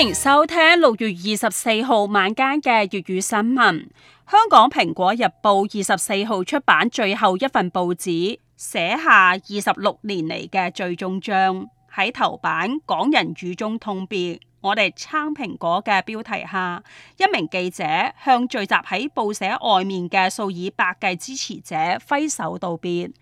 歡迎收聽六月二十四號晚間嘅粵語新聞。香港蘋果日報二十四號出版最後一份報紙，寫下二十六年嚟嘅最終章。喺頭版，港人雨中痛別我哋撐蘋果嘅標題下，一名記者向聚集喺報社外面嘅數以百計支持者揮手道別。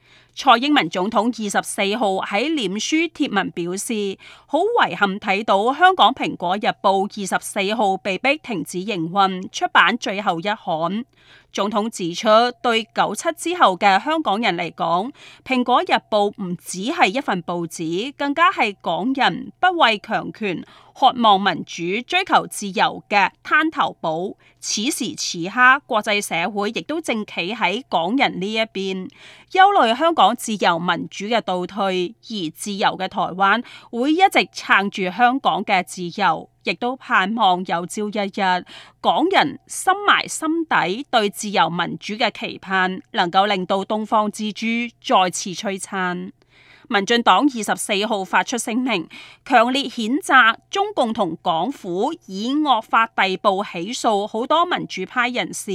蔡英文總統二十四號喺臉書貼文表示，好遺憾睇到香港《蘋果日報》二十四號被迫停止營運，出版最後一刊。總統指出，對九七之後嘅香港人嚟講，《蘋果日報》唔只係一份報紙，更加係港人不畏強權、渴望民主、追求自由嘅灘頭堡。此時此刻，國際社會亦都正企喺港人呢一邊，憂慮香港自由民主嘅倒退，而自由嘅台灣會一直撐住香港嘅自由，亦都盼望有朝一日，港人深埋心底對自由民主嘅期盼，能夠令到東方之珠再次璀璨。民進黨二十四號發出聲明，強烈譴責中共同港府以惡法逮捕起訴好多民主派人士，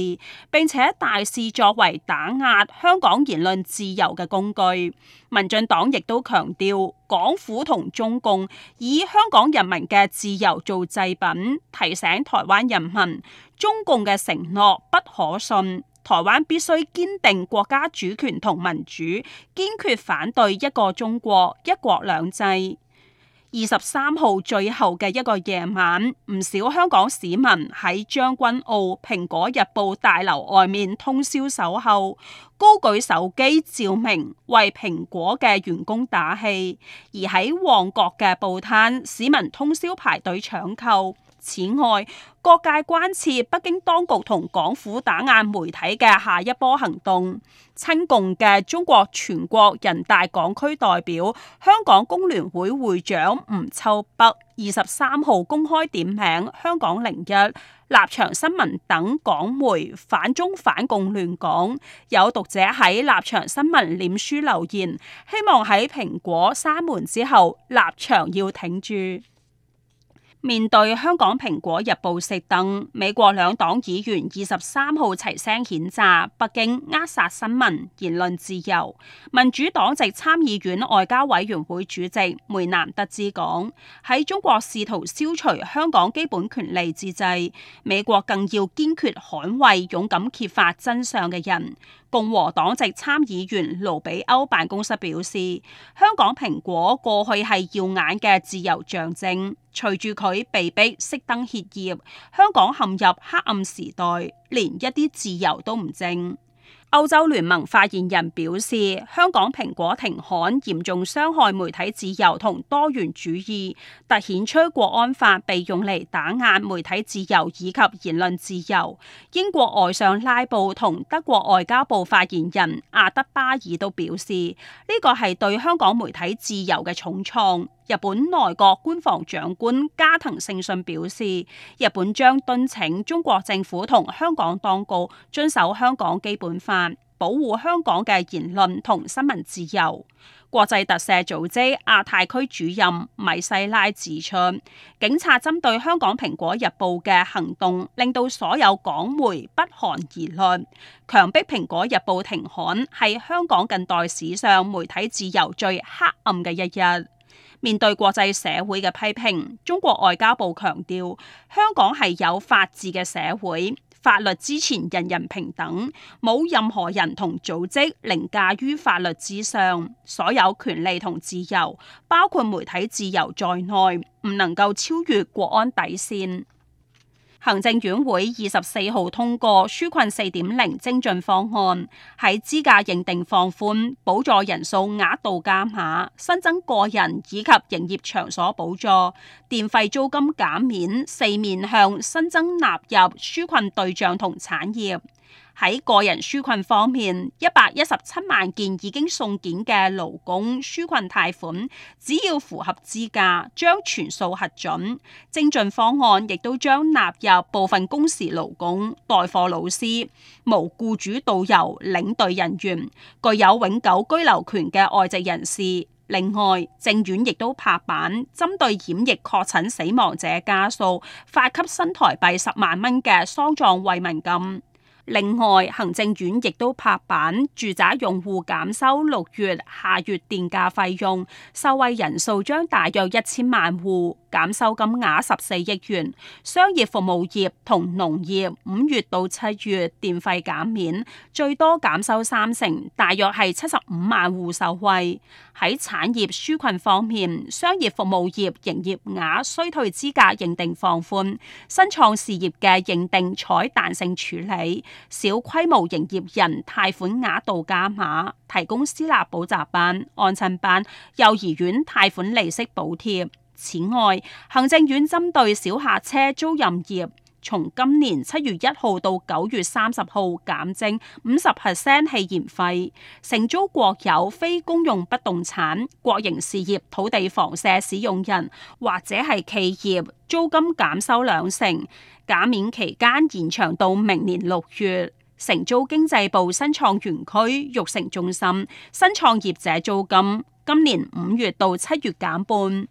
並且大肆作為打壓香港言論自由嘅工具。民進黨亦都強調，港府同中共以香港人民嘅自由做祭品，提醒台灣人民，中共嘅承諾不可信。台灣必須堅定國家主權同民主，堅決反對一個中國、一國兩制。二十三號最後嘅一個夜晚，唔少香港市民喺將軍澳蘋果日報大樓外面通宵守候，高舉手機照明，為蘋果嘅員工打氣，而喺旺角嘅報攤，市民通宵排隊搶購。此外，各界關切北京當局同港府打壓媒體嘅下一波行動。親共嘅中國全國人大港區代表、香港工聯會會長吳秋北二十三號公開點名香港零一、立場新聞等港媒反中反共亂港。有讀者喺立場新聞臉書留言，希望喺蘋果閂門之後，立場要挺住。面對香港蘋果日報熄燈，美國兩黨議員二十三號齊聲譴責北京扼殺新聞言論自由，民主黨籍參議院外交委員會主席梅南德茲講，喺中國試圖消除香港基本權利之際，美國更要堅決捍衛勇敢揭發真相嘅人。共和黨籍參議員盧比歐辦公室表示，香港蘋果過去係耀眼嘅自由象徵。隨住佢被逼熄燈歇業，香港陷入黑暗時代，連一啲自由都唔正。歐洲聯盟發言人表示，香港蘋果停刊嚴重傷害媒體自由同多元主義，突顯出國安法被用嚟打壓媒體自由以及言論自由。英國外相拉布同德國外交部發言人阿德巴爾都表示，呢個係對香港媒體自由嘅重創。日本內閣官房長官加藤勝信表示，日本將敦請中國政府同香港當局遵守香港基本法，保護香港嘅言論同新聞自由。國際特赦組織亞太區主任米西拉指出，警察針對香港蘋果日報嘅行動令到所有港媒不寒而慄，強迫蘋果日報停刊係香港近代史上媒體自由最黑暗嘅一日。面對國際社會嘅批評，中國外交部強調，香港係有法治嘅社會，法律之前人人平等，冇任何人同組織凌駕於法律之上，所有權利同自由，包括媒體自由在內，唔能夠超越國安底線。行政院會二十四號通過紓困四點零精進方案，喺資格認定放寬、補助人數額度加碼，新增個人以及營業場所補助、電費租金減免四面向，新增納入紓困對象同產業。喺個人紓困方面，一百一十七萬件已經送件嘅勞工紓困貸款，只要符合資格，將全數核准。精進方案亦都將納入部分工時勞工、代課老師、無僱主導遊、領隊人員、具有永久居留權嘅外籍人士。另外，政院亦都拍板，針對檢疫確診死亡者家屬，發給新台幣十萬蚊嘅喪葬慰問金。另外，行政院亦都拍板，住宅用戶減收六月、下月電價費用，受惠人數將大約一千萬戶，減收金額十四億元。商業服務業同農業五月到七月電費減免，最多減收三成，大約係七十五萬戶受惠。喺產業紓困方面，商業服務業營業額衰退資格認定放寬，新創事業嘅認定採彈性處理。小規模營業人貸款額度加碼，提供私立補習班、安親班、幼兒園貸款利息補貼。此外，行政院針對小客車租賃業，從今年七月一號到九月三十號，減徵五十%汽燃費。承租國有非公用不動產、國營事業土地房舍使用人或者係企業，租金減收兩成。減免期間延長到明年六月，承租經濟部新創園區育成中心新創業者，租金今年五月到七月減半。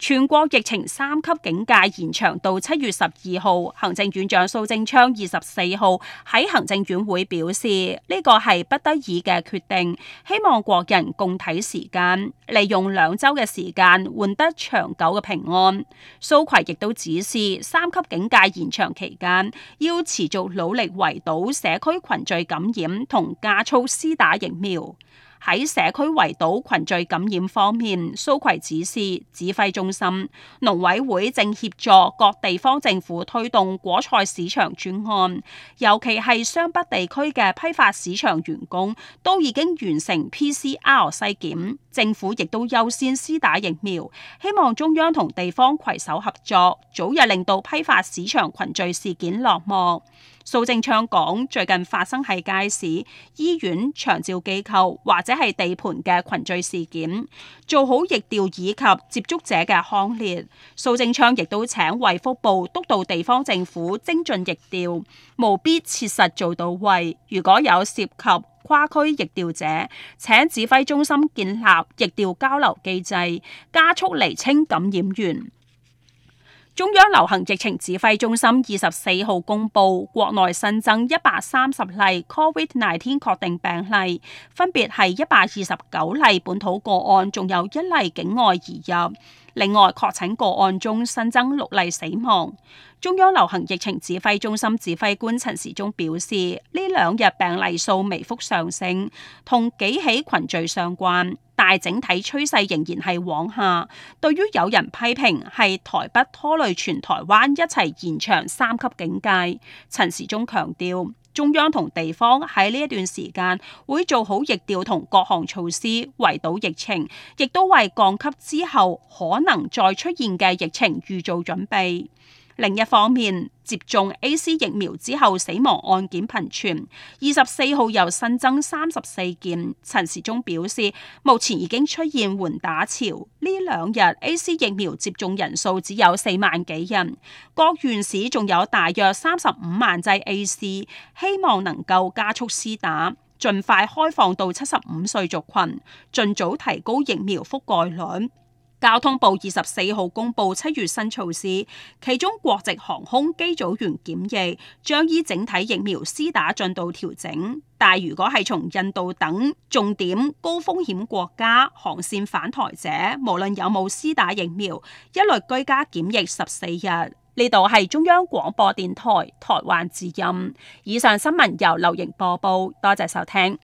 全國疫情三級警戒延長到七月十二號。行政院長蘇貞昌二十四號喺行政院會表示，呢個係不得已嘅決定，希望國人共體時間，利用兩周嘅時間換得長久嘅平安。蘇揆亦都指示，三級警戒延長期間要持續努力圍堵社區群聚感染同加速施打疫苗。喺社區圍堵群聚感染方面，蘇揆指示指揮中心，農委會正協助各地方政府推動果菜市場專案，尤其係雙北地區嘅批發市場員工都已經完成 PCR 篩檢，政府亦都優先施打疫苗，希望中央同地方攜手合作，早日令到批發市場群聚事件落幕。蘇貞昌講：最近發生喺街市、醫院、長照機構或者係地盤嘅群聚事件，做好疫調以及接觸者嘅匡列。蘇貞昌亦都請衛福部督導地方政府精進疫調，務必切實做到位。如果有涉及跨區疫調者，請指揮中心建立疫調交流機制，加速釐清感染源。中央流行疫情指揮中心二十四號公布，國內新增一百三十例 COVID-19 確定病例，分別係一百二十九例本土個案，仲有一例境外移入。另外，確診個案中新增六例死亡。中央流行疫情指揮中心指揮官陳時中表示，呢兩日病例數微幅上升，同幾起，起群聚相關，但整體趨勢仍然係往下。對於有人批評係台北拖累全台灣一齊延長三級警戒，陳時中強調，中央同地方喺呢一段時間會做好疫調同各項措施，圍堵疫情，亦都為降級之後可能再出現嘅疫情預做準備。另一方面，接種 A C 疫苗之後死亡案件頻傳，二十四號又新增三十四件。陳時中表示，目前已經出現緩打潮，呢兩日 A C 疫苗接種人數只有四萬幾人。各縣市仲有大約三十五萬劑 A C，希望能夠加速施打，盡快開放到七十五歲族群，盡早提高疫苗覆蓋率。交通部二十四號公布七月新措施，其中國籍航空機組員檢疫將依整體疫苗施打進度調整，但如果係從印度等重點高風險國家航線返台者，無論有冇施打疫苗，一律居家檢疫十四日。呢度係中央廣播電台台灣之音，以上新聞由劉瑩播報，多謝收聽。